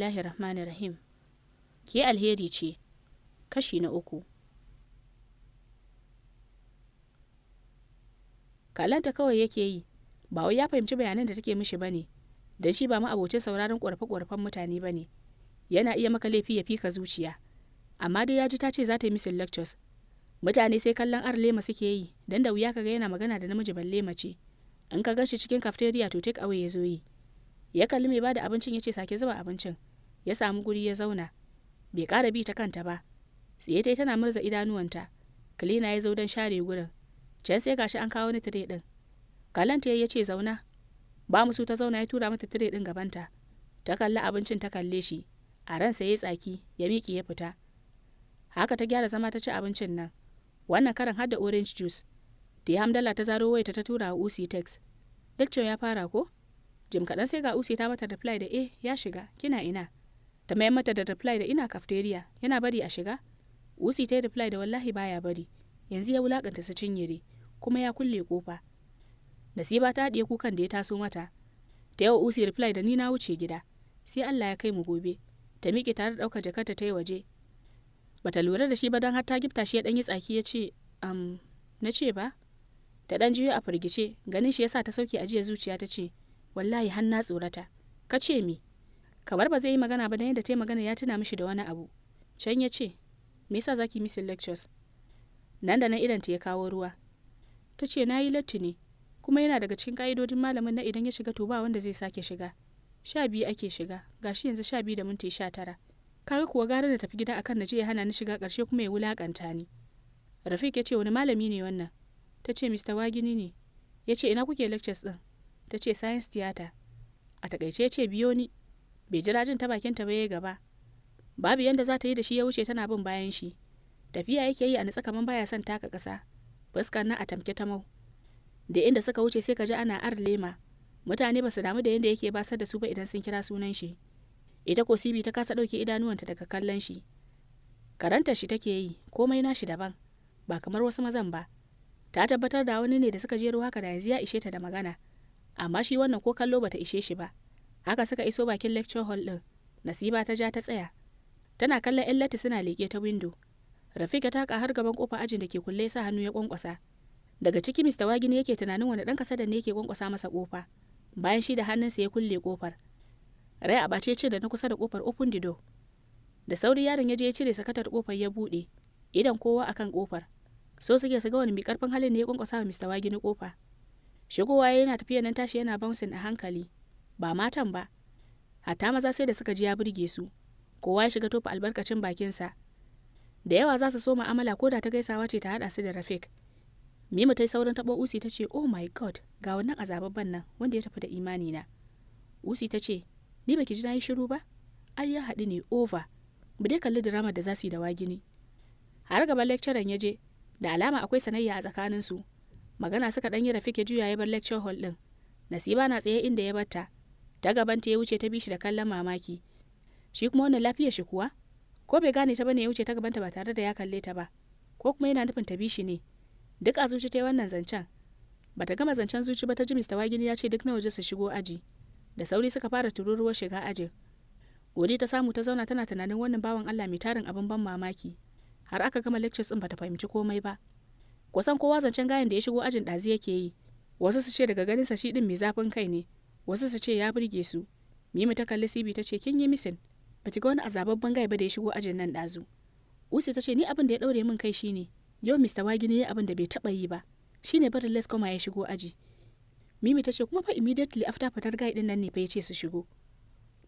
Bismillahir rahmanir rahim ke alheri ce kashi na uku kalanta kawai yake yi ba wai ya fahimci bayanan da take mishi bane dan shi ba ma abocin sauraron ƙorafe-ƙorafen mutane bane yana iya maka laifi ya fika zuciya amma dai ya ji ta ce za ta yi misin lectures mutane sai kallon ar lema suke yi dan da wuya kaga yana magana da namiji balle mace in ka gashi cikin cafeteria to take away ya zo yi ya kalli mai bada abincin ya ce sake zuba abincin ya samu guri ya zauna bai ƙara bi ta kanta ba tsaye ta tana murza idanuwanta kalina ya zo don share gurin can sai gashi an kawo ni tire din kalanta ya ce zauna ba su ta zauna ya tura mata tire din gabanta ta kalli abincin ta kalle shi a ransa ya tsaki ya miƙe ya fita haka ta gyara zama ta ci abincin nan wannan karan har da orange juice da ya hamdala ta zaro wayarta ta tura wa usi text lecture ya fara ko jim kaɗan sai ga usi ta mata reply da eh ya shiga kina ina ta mayar mata da reply da ina cafeteria yana bari a shiga usi ta yi reply da wallahi baya bari yanzu ya wulakanta su cinyere kuma ya kulle kofa nasiba ta haɗiye kukan da ya taso mata ta yawa usi reply da ni na wuce gida sai allah ya kai mu gobe ta miƙe tare da ɗaukar jakarta ta yi waje bata lura da shi ba don har ta gifta shi ya ɗan yi tsaki ya ce am na ce ba ta ɗan juyo a firgice ganin shi ya sa ta sauke ajiye zuciya ta ce wallahi har na tsorata ka ce me kamar ba zai yi magana ba dan yadda ta yi magana ya tuna mishi da wani abu can ya ce me yasa zaki missing lectures nan da nan idan ta ya kawo ruwa ta ce na yi latti ne kuma yana daga cikin ka'idodin malamin na idan ya shiga to ba wanda zai sake shiga sha biyu ake shiga gashi yanzu sha biyu da minti sha tara kaga kuwa gara da tafi gida akan na je ya hana ni shiga ƙarshe kuma ya wulakanta ni rafik ya ce wani malami ne wannan ta ce mr wagini ne ya ce ina kuke lectures din ta ce science theater a takaice ya ce biyo ni bai jira jin ta bakin ta ya gaba babu yanda za ta yi da shi ya wuce tana bin bayan shi tafiya yake yi a nitsa kaman baya son taka kasa. fuskar na a tamke ta mau da inda suka wuce sai ka ji ana ar lema mutane ba su damu da yanda yake basar da su ba idan sun kira sunan shi ita ko sibi ta kasa dauke idanuwanta daga kallon shi karantar shi take yi komai nashi daban ba kamar wasu mazan ba ta tabbatar da wani ne da suka jero haka da yanzu ya ishe ta da magana amma shi wannan ko kallo bata ishe shi ba haka suka iso bakin lecture hall din. nasiba ta ja ta tsaya tana kallon yan latti suna leke ta window. rafika ta ka har gaban kofa ajin da ke kulle sa hannu ya kwankwasa daga ciki mr wagini yake tunanin wani ɗan kasa da ne yake kwankwasa masa kofa bayan shi da hannunsa ya kulle kofar rai a bace ce da na kusa da kofar open the door da sauri yaron ya je ya cire sakatar kofar ya bude. idan kowa akan kofar so suke su ga wani mai karfin halin ne ya kwankwasa wa mr wagini kofa shigowa yana tafiya nan tashi yana bouncing a hankali ba matan ba hatta maza sai da suka ji ya burge su kowa ya shiga tofa albarkacin bakinsa da yawa za su so ma'amala ko da ta gaisawa ce ta haɗa su da rafik Mimu ta yi saurin taɓo Usi ta ce, Oh my God, ga wannan azababban nan wanda ya tafi da imani na. Usi ta ce, Ni baki ji na yi shiru ba? Ai ya haɗu ne over. Mu dai kalli drama da za su yi da wagini. Har gaban lecturer ya je, da alama akwai sanayya a tsakaninsu. Magana suka ɗan yi Rafik ya juya ya bar lecture hall ɗin. Nasiba na tsaye inda ya batta. ta gabanta ya wuce ta bi shi da kallon mamaki shi kuma wannan lafiyar shi kuwa ko bai gane ta bane ya wuce ta gabanta ba tare da ya kalle ta ba ko kuma yana nufin ta bi shi ne duk a zuci ta wannan zancen Ba ta gama zancen zuci ba ta ji mista Wagini ya ce duk na waje su shigo aji da sauri suka fara tururuwar shiga aji. godi ta samu ta zauna tana tunanin wannan bawan Allah mai tarin abin ban mamaki har aka gama lectures din bata fahimci komai ba kusan kowa zancen gayan da ya shigo ajin ɗazi yake yi wasu su ce daga ganin sa shi din mai zafin kai ne wasu su ce ya burge su mimi ta kalli sibi ta ce kin yi misin Baki ga wani azababban gaiba ba da ya shigo ajin nan dazu usi ta ce ni abin da ya daure min kai shine yau mr wagini ya abin da bai taɓa yi ba shine barin les koma ya shigo aji mimi ta ce kuma fa immediately after fitar gai din nan ne fa ya ce su shigo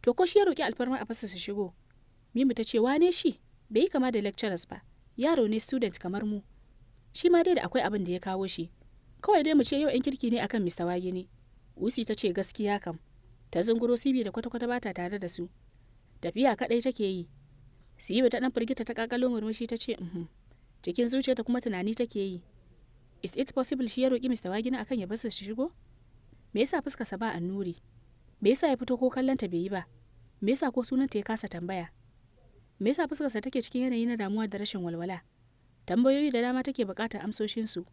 to ko shi ya roƙi alfarma a fasa su shigo mimi ta ce wane shi bai yi kama da lecturers ba yaro ne student kamar mu shi ma dai da akwai abin da ya kawo shi kawai dai mu ce yau 'yan kirki ne akan mr wagini usi ta ce gaskiya kam ta zunguro sibi da kwata-kwata ta tare da su tafiya kaɗai take yi sibi ta ɗan firgita ta kakalo murmushi ta ce uhm, cikin zuciya ta kuma tunani take yi is it possible shi ya roƙi mr wagina akan ya basu shi shigo me yasa fuskarsa ba annuri me yasa ya fito ko kallon ta bai yi ba me yasa ko sunan ta ya kasa tambaya me yasa fuskarsa take cikin yanayi na damuwa da rashin walwala tambayoyi da dama take buƙatar amsoshinsu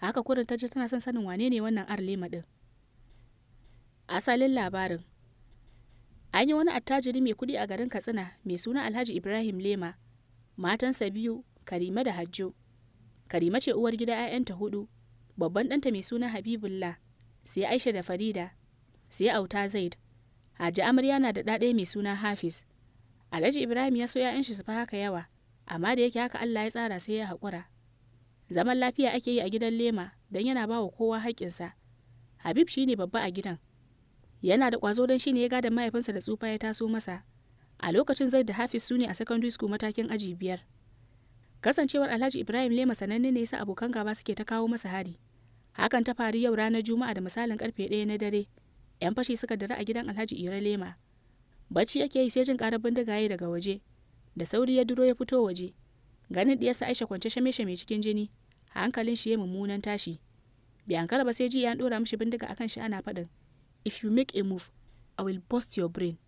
haka kurin ta ji tana son sanin wane ne wannan arlema ɗin Asalin labarin An yi wani attajiri mai kuɗi a garin Katsina mai suna Alhaji Ibrahim Lema, matansa biyu, Karima da Hajjo. Karima ce uwar gida 'ya'yanta hudu, babban ɗanta mai suna Habibullah, sai Aisha da Farida, sai Auta Zaid. Haji amarya na da ɗaɗaya mai suna Hafiz. Alhaji Ibrahim ya so 'ya'yan shi su fa haka yawa, amma da yake haka Allah ya tsara sai ya haƙura. Zaman lafiya ake yi a gidan Lema don yana ba wa kowa haƙƙinsa. Habib shi ne babba a gidan, yana da kwazo don shine ya gada mahaifinsa da tsufa ya taso masa a lokacin zai da hafiz su ne a secondary school matakin aji biyar kasancewar alhaji ibrahim lema sananne ne yasa abokan gaba suke ta kawo masa hari hakan ta faru yau ranar juma'a da misalin karfe ɗaya na dare yan fashi suka dare a gidan alhaji ira lema bacci yake yi sai jin karar bindigaye daga waje da sauri ya duro ya fito waje ganin diyarsa aisha kwance shame-shame cikin jini hankalin shi ya mummunan tashi bai ankara ba sai ji ya dora mishi bindiga akan shi ana faɗin If you make a move, I will bust your brain.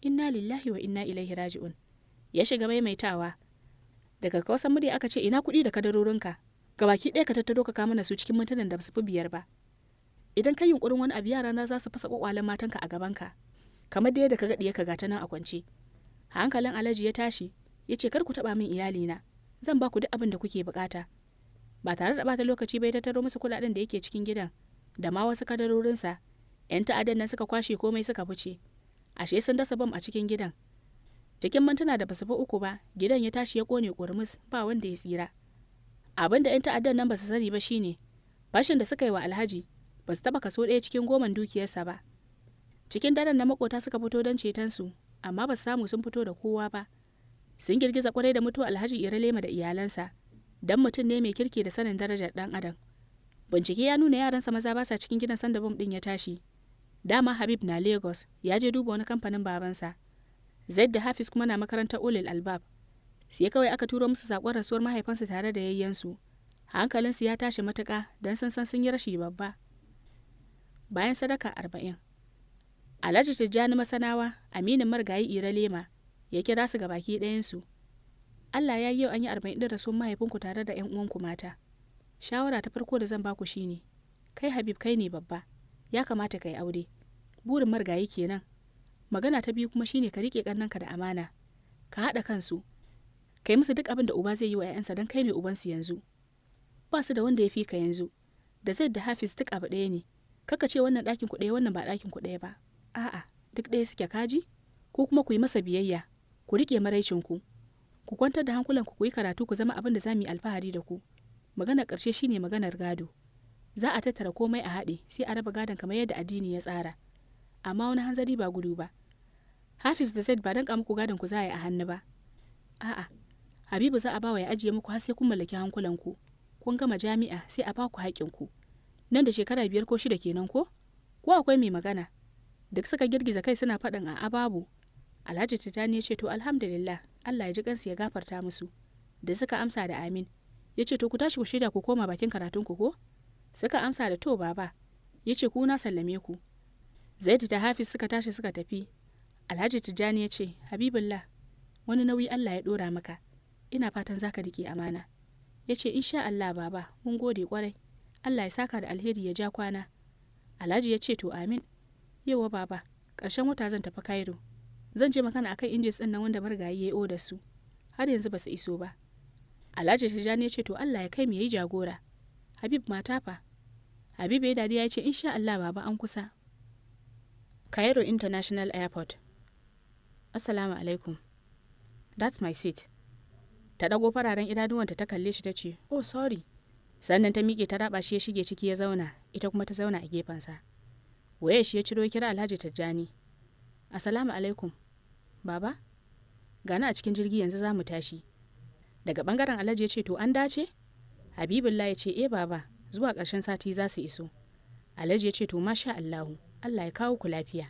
Inna lillahi wa inna ilaihi raji'un. Ya shiga maimaitawa. Daga kausan murya aka ce ina kuɗi da kadarorinka. Gabaki ɗaya ka tattaro ka kama su cikin mintunan da basu fi biyar ba. Idan ka yunkurin wani abu yara na za su fasa kwakwalen matanka a gabanka. Kamar da yadda ka gaɗi ka gata nan a kwance. Hankalin Alhaji ya tashi ya ce kar ku taɓa min iyali na, Zan ba ku duk abin da kuke buƙata. Ba tare da bata lokaci bai tattaro musu kuɗaɗen da yake cikin gidan da ma wasu kadarorinsa 'yan ta'addan nan suka kwashe komai suka fice ashe sun dasa bam a cikin gidan cikin mintuna da basu fi uku ba gidan ya tashi ya kone kurmus ba wanda ya tsira abin da 'yan ta'addan nan basu sani ba shine bashin da suka yi wa alhaji ba su taba kaso ɗaya cikin goman dukiyarsa ba cikin daren na makota suka fito don ceton su amma ba samu sun fito da kowa ba sun girgiza kwarai da mutuwa alhaji iralema da iyalansa dan mutum ne mai kirki da sanin darajar dan adam bincike ya nuna yaransa maza ba sa cikin gidan sanda bom din ya tashi dama habib na lagos ya je duba wani kamfanin babansa zaid da hafiz kuma na makarantar ulil albab sai kawai aka turo musu sakon rasuwar mahaifansu tare da yayyansu hankalinsu ya tashi matuka don sun san sun yi rashi babba bayan sadaka arba'in alhaji tijjani masanawa aminin marigayi ira lema ya kira su ga baki ɗayansu allah ya yi yau an yi arba'in ɗin rasuwar mahaifinku tare da 'yan uwanku mata shawara ta farko da zan baku shine kai habib kai ne babba ya kamata ka yi aure burin marigayi kenan magana ta biyu kuma shine ka riƙe ka da amana ka haɗa kansu ka yi musu duk abin da uba zai yi wa 'ya'yansa don kai ne ubansu yanzu ba su da wanda ya fi ka yanzu da zai da hafiz duk abu ɗaya ne kaka ce wannan ɗakin ku ɗaya wannan ba ɗakin ku ɗaya ba a'a duk ɗaya suke kaji ko kuma ku yi masa biyayya ku rike maraicinku ku kwantar da hankulanku ku yi karatu ku zama abin da za mu yi alfahari da ku maganar ƙarshe shine maganar gado za a tattara komai a haɗe sai a raba gadon kamar yadda addini ya tsara amma wani hanzari ba gudu ba hafiz da zaid ba danka muku gadon ku za a yi a hannu ba a'a habibu za a bawa ya ajiye muku har sai kun mallaki hankulanku kun gama jami'a sai a baku haƙƙinku nan da shekara biyar ko shida kenan ko ko akwai mai magana duk suka girgiza kai suna faɗin a ababu alhaji tijjani ya ce to alhamdulillah allah ya ji kansu ya gafarta musu da suka amsa da amin ya ce to ku tashi ku shida ku koma bakin karatun ku ko suka amsa da to baba ya ce ku sallame ku zaid da hafiz suka tashi suka tafi alhaji tijjani ya ce habibullah wani nauyi allah ya ɗora maka ina fatan zaka rike amana ya ce insha allah baba mun gode kwarai allah ya saka da alheri ya ja kwana alhaji ya ce to amin yawa baba ƙarshen wata zan tafi cairo zan je makana akan injins ɗin nan wanda marigayi ya yi da su har yanzu ba su iso ba alhaji tijjani ya ce to allah ya kai mu yi jagora habib mata fa Habibu ya dariya ya ce insha Allah baba an kusa. Cairo International Airport. Assalamu alaikum. That's my seat. Ta ɗago fararen idanuwanta ta kalle shi ta ce, "Oh, sorry." Sannan ta miƙe ta raba shi ya shige ciki ya zauna, ita kuma ta zauna a gefensa. Waye shi ya ciro kira Alhaji Tijjani. Assalamu alaikum. Baba? Gana a cikin jirgi yanzu za mu tashi. Daga bangaren Alhaji ya ce, "To an dace?" Habibullahi ya ce, "Eh, baba." zuwa ƙarshen sati za su iso alhaji ya ce to masha allahu allah ya kawo ku lafiya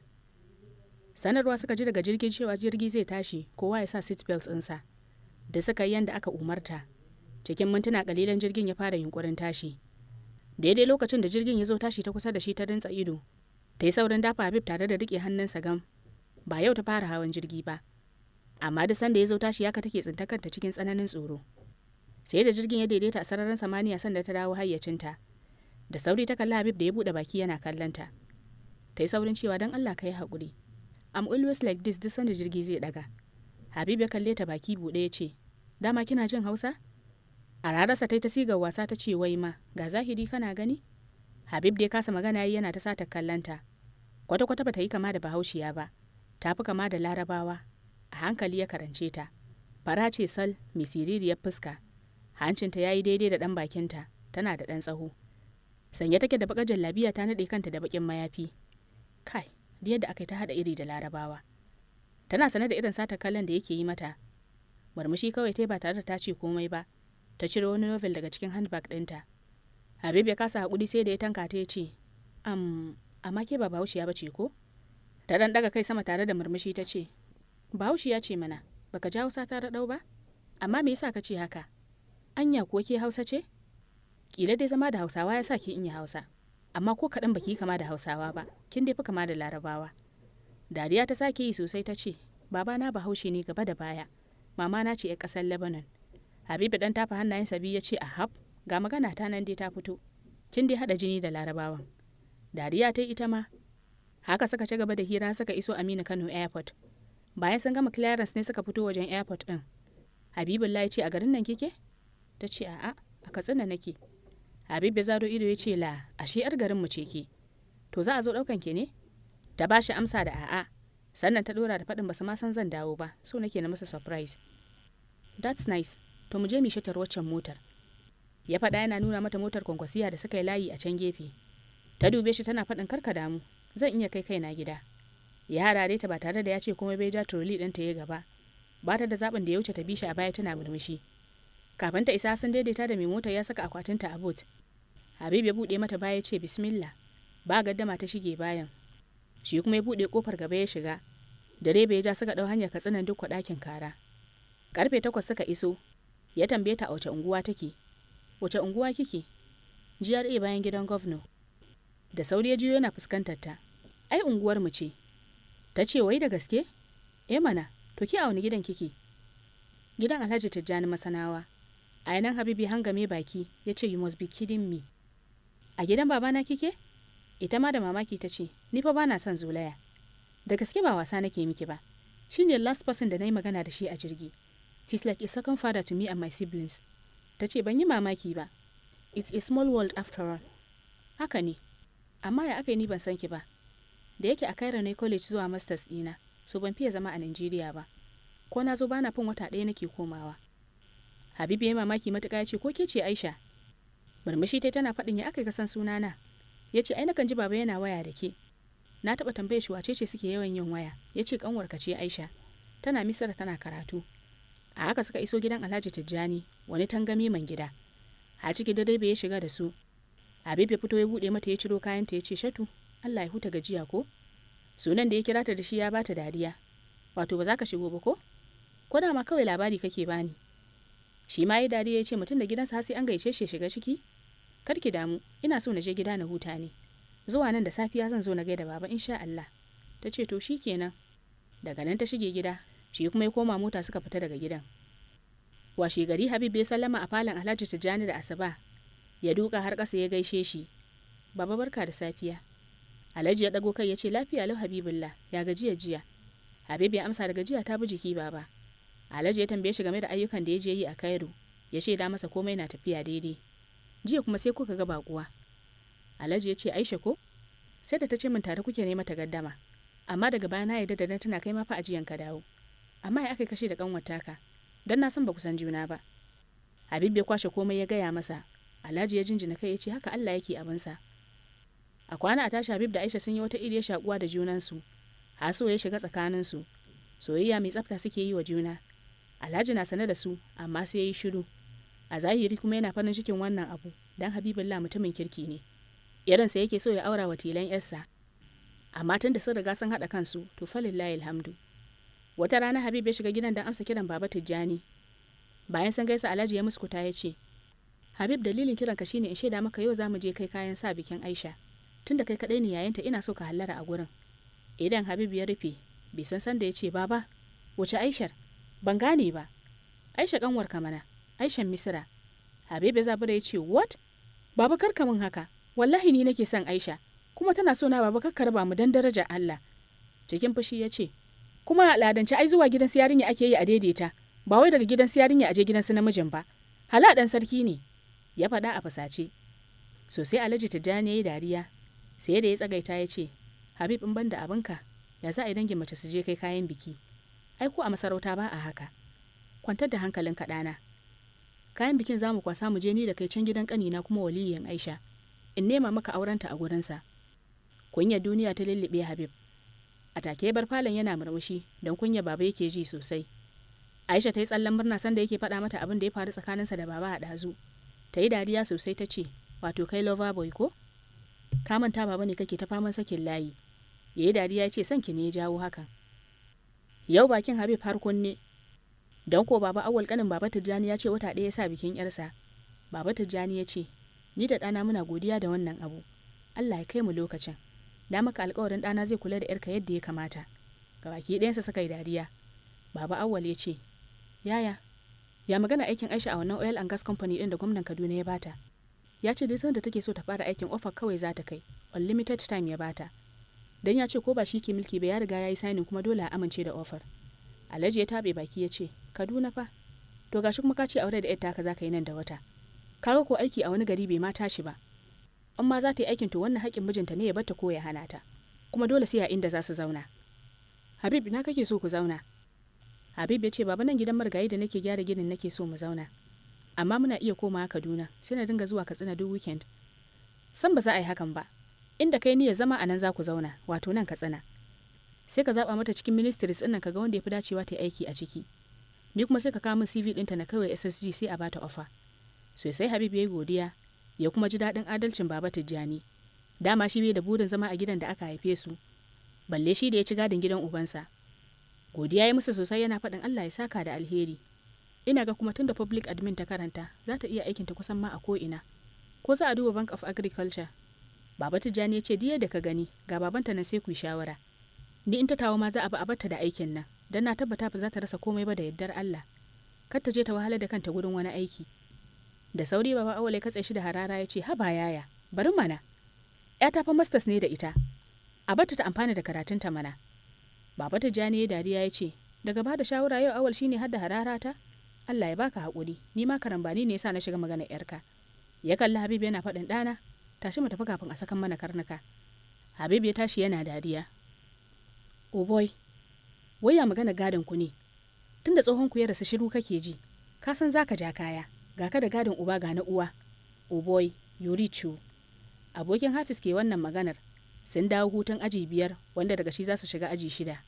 sanarwa suka ji daga jirgin cewa jirgi zai tashi kowa ya sa belts ɗinsa da suka yi yadda aka umarta cikin mintuna kalilan jirgin ya fara yunkurin tashi daidai lokacin da jirgin ya zo tashi ta kusa da shi ta rintsa ido ta yi saurin dafa habib tare da riƙe hannunsa gam ba yau ta fara hawan jirgi ba amma da sanda ya zo tashi yaka take tsinta kanta cikin tsananin tsoro sai da jirgin ya daidaita a sararin samaniya sanda ta dawo hayyacinta da sauri ta kalli habib da ya bude baki yana kallonta ta yi saurin cewa don allah ka yi haƙuri am always like this duk sanda jirgi zai ɗaga habib ya kalle ta baki buɗe ya ce dama kina jin hausa a rarasa ta ta siga wasa ta ce wai ma ga zahiri kana gani habib da ya kasa magana yi yana ta sata kallonta kwata-kwata bata yi kama da bahaushiya ba ta fi kama da larabawa a hankali ya karance ta fara ce sal mai ya fuska hancinta ya yi daidai da dan bakinta tana da ɗan tsaho sanye take da bakar jallabiya ta naɗe kanta da bakin mayafi kai da yadda aka yi ta haɗa iri da larabawa tana sane da irin sata kallon da yake yi mata murmushi kawai ta ba tare da ta ce komai ba ta cire wani novel daga cikin handbag ɗinta habib ya kasa haƙuri sai da ya tanka ta ya ce am amma ke ba bahaushiya ba ce ko ta ɗan ɗaga kai sama tare da murmushi ta ce ya ce mana baka jawo sata raɗau ba amma me yasa ka ce haka anya ko ke hausa ce kila dai zama da hausawa ya sa ki in yi hausa amma ko kaɗan baki kama da hausawa ba kin dai fi kama da larabawa dariya ta sake yi sosai ta ce baba na bahaushe ne gaba da baya mama na ce ya ƙasar lebanon habibu dan tafa hannayensa biyu ya ce a hab ga magana ta nan dai ta fito kin dai haɗa jini da larabawan dariya ta ita ma haka suka ci gaba da hira suka iso Amina kano airport bayan sun gama clearance ne suka fito wajen airport ɗin habibullahi ce a garin nan kike ta ce a'a a katsina nake habibu zado ido ya ce la ashe yar garin mu ce ke to za a zo daukan ke ne ta ba shi amsa da a'a sannan ta dora da faɗin su ma san zan dawo ba so nake na masa surprise that's nice to mu je mu shatar waccan motar ya faɗa yana nuna mata motar kwankwasiya da suka yi layi a can gefe ta dube shi tana faɗin karka damu zan iya kai kaina gida ya harare ta ba tare da ya ce kuma bai ja din ta ya gaba ba ta da zaɓin da ya wuce ta bi shi a baya tana murmushi kafin ta isa sun daidaita da mai motar ya saka akwatinta a boot habib ya buɗe mata baya ce bismillah ba gaddama ta shige bayan shi kuma ya buɗe kofar gaba ya shiga direba ya ja suka ɗau hanyar katsinan duk ɗakin kara karfe takwas suka iso ya tambaye ta a wace unguwa take wace unguwa kike GRA bayan gidan gwamna da sauri ya jiyo yana fuskantar ta ai unguwar mu ce ta ce wai da gaske eh mana to ki a wani gidan kike gidan Alhaji Tijjani Masanawa a yanan habibi hangame baki ya ce you must be kidding me a gidan babana kike ita ma da mamaki ta ce ni fa bana son zulaya da gaske ba wasa nake miki ba shine last person da na yi magana da shi a jirgi he's like a second father to me and my siblings ta ce ban yi mamaki ba it's a small world after all haka ne amma ya aka yi ni ban san ki ba da yake a kaira ne college zuwa masters dina so ban fiye zama a Najeriya ba ko na zo bana fin wata ɗaya nake komawa Habibu ya mamaki matuƙa ya ce ko ke ce Aisha murmushi tai tana faɗin ya aka ga san sunana ya ce ai na kan ji baba yana waya da ke na taɓa tambayar shi wace ce suke yawan yin waya ya ce ka ce Aisha tana misira tana karatu a haka suka iso gidan Alhaji Tijjani wani tangami man gida a ciki dai bai ya shiga da su Habib ya fito ya buɗe mata ya ciro kayanta ya ce shatu Allah ya huta gajiya ko sunan da ya kira ta da shi ya bata dariya wato ba za ka shigo ba ko ko da ma kawai labari kake bani shi ma ya dariya ya ce mutum da gidansa har sai an gaice shi shiga ciki kar ki damu ina so na je gida na huta ne zuwa nan da safiya zan zo na gaida baba insha Allah ta ce to shikenan daga nan ta shige gida shi kuma ya koma mota suka fita daga gidan washe gari Habib ya sallama a falon Alhaji Tijjani da Asaba ya duka har kasa ya gaishe shi baba barka da safiya Alhaji ya dago kai ya ce lafiya lau Habibullah ya gajiya jiya Habib ya amsa da gajiya ta bi jiki baba Alhaji ya tambaye shi game da ayyukan da ya je yi a Cairo, ya shaida masa komai na tafiya daidai. Jiya kuma sai kuka ga bakuwa. Alhaji ya ce Aisha ko? Sai da ta ce min tare kuke nema ta gaddama. Amma daga baya na yarda da na tana kai ma fa ajiyan ka dawo. Amma ya aka kashe da kanwar taka. Dan na san ba ku san juna ba. Habib bai kwashe komai ya gaya masa. Alhaji ya jinjina kai ya ce haka Allah yake sa A kwana a tashi Habib da Aisha sun yi wata iriyar shakuwa da junansu. Haso ya shiga tsakaninsu. Soyayya mai tsafta suke yi wa juna. Alhaji na sane da su amma sai ya yi shiru. A zahiri kuma yana farin cikin wannan abu don Habibullah mutumin kirki ne. Yaransa yake so ya aura wa tilan yarsa. Amma tun da sun riga sun haɗa kansu to falillahi alhamdu. Wata rana Habib ya shiga gidan don amsa kiran Baba Tijjani. Bayan sun gaisa Alhaji ya muskuta ya ce, Habib dalilin kiran ka shine in shaida maka yau za mu je kai kayan sa bikin Aisha. Tunda kai kaɗai ne yayinta ina so ka hallara a gurin. Idan Habib ya rufe, bai san san da ya ce baba, wace Aishar? ban gane ba aisha kanwar mana aishan misira habiba zabura ya ce what baba karka min haka wallahi ni nake son aisha kuma tana so na baba karka raba mu dan daraja allah cikin fushi ya ce kuma al'adance ai zuwa gidan su yarinya ake yi a daidaita ba wai daga gidan su yarinya aje gidan su namijin ba hala dan sarki ne ya faɗa a fasace sosai alhaji tijjani ya yi dariya sai da ya tsagaita ya ce habib in banda da abinka ya za a yi dangin mace su je kai kayan biki ai ko a masarauta ba a haka kwantar da hankalin ɗana kayan bikin zamu kwasa mu je ni da kai can gidan ƙanina kuma waliyin aisha in nema maka aurenta a gurinsa kunya duniya ta lullube habib a take bar falon yana murmushi don kunya baba yake ji sosai aisha ta yi tsallan murna sanda yake faɗa mata abin da ya faru tsakaninsa da baba a ɗazu ta yi dariya sosai ta ce wato kai lover boy ko ka manta baba ne kake ta faman sakin layi Ya yi dariya ya ce son ki ne ya jawo hakan yau bakin habib har kunne don ko baba awal kanin baba tijjani ya ce wata ɗaya sa bikin yarsa baba tijjani ya ce ni da ɗana muna godiya da wannan abu allah ya kai mu lokacin na maka alkawarin ɗana zai kula da yarka yadda ya kamata ga baki ɗayansa suka yi dariya baba awal ya ce yaya ya magana aikin aisha a wannan oil and gas company ɗin da gwamnan kaduna ya bata ya ce duk sanda take so ta fara aikin offer kawai za ta kai unlimited time ya bata dan ya ce ko ba shi ke mulki ba ya riga ya yi sainin kuma dole a amince da ofar alhaji ya taɓe baki ya ce kaduna fa to gashi kuma ka ce aure da yadda za ka yi nan da wata kaga ko aiki a wani gari bai ma tashi ba amma za ta yi aikin to wannan haƙƙin mijinta ne ya bata ko ya hana ta kuma dole sai a inda za su zauna habib na kake so ku zauna habib ya ce baba nan gidan marigayi da nake gyara ginin nake so mu zauna amma muna iya komawa kaduna sai na dinga zuwa katsina duk weekend san ba za a yi hakan ba inda kai ni ya zama anan za ku zauna wato nan ka tsana sai ka zaba mata cikin ministries din nan ka ga wanda ya dacewa ta aiki a ciki ni kuma sai ka kawo min CV ɗinta na kawai SSG sai a bata offer sai Habib ya yi godiya ya kuma ji daɗin adalcin Baba Tijjani dama shi bai da burin zama a gidan da aka haife su balle shi da ya ci gadin gidan ubansa godiya ya masa sosai yana faɗin Allah ya saka da alheri ina ga kuma tunda public admin ta karanta za ta iya aikinta kusan ma a ko ina ko za a duba bank of agriculture baba tijjani ya ce diya da ka gani ga babanta na sai ku shawara ni in ta tawo ma za a bi a da aikin nan don na tabbata ba za ta rasa komai ba da yaddar Allah kar ta je ta wahala da kanta gurin wani aiki da sauri baba awale ka shi da harara ya ce haba yaya bari mana ta fa masters ne da ita abata ta amfana da karatunta mana baba tijjani ya dariya ya ce daga ba da shawara yau awal shine har da harara ta Allah ya baka haƙuri ni ma karambani ne yasa na shiga magana yarka ya kalli Habib yana faɗin ɗana tashi mu tafi kafin a sakan mana karnuka habibu ya tashi yana dariya oboy waya magana gadon ku ne tunda tsohon ku ya rasu shiru kake ji ka san zaka ja kaya ga ka da gadon uba ga na uwa oboy yurichu abokin Hafis ke wannan maganar sun dawo hutun aji biyar wanda daga shi za su shiga aji shida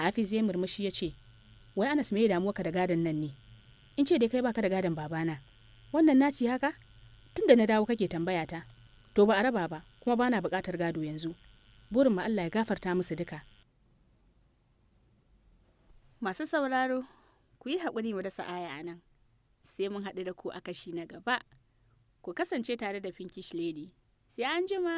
hafiz ya murmushi ya ce wai anas me ya damuwa ka da gadon nan ne in ce dai kai baka da gadon babana wannan naci haka tunda na dawo kake tambaya ta to ba a raba ba kuma ba na bukatar gado yanzu burin mu Allah ya gafarta musu duka masu sauraro ku yi haƙuri mu dasa aya a nan sai mun haɗu da ku a kashi na gaba ku kasance tare da pinkish lady sai an jima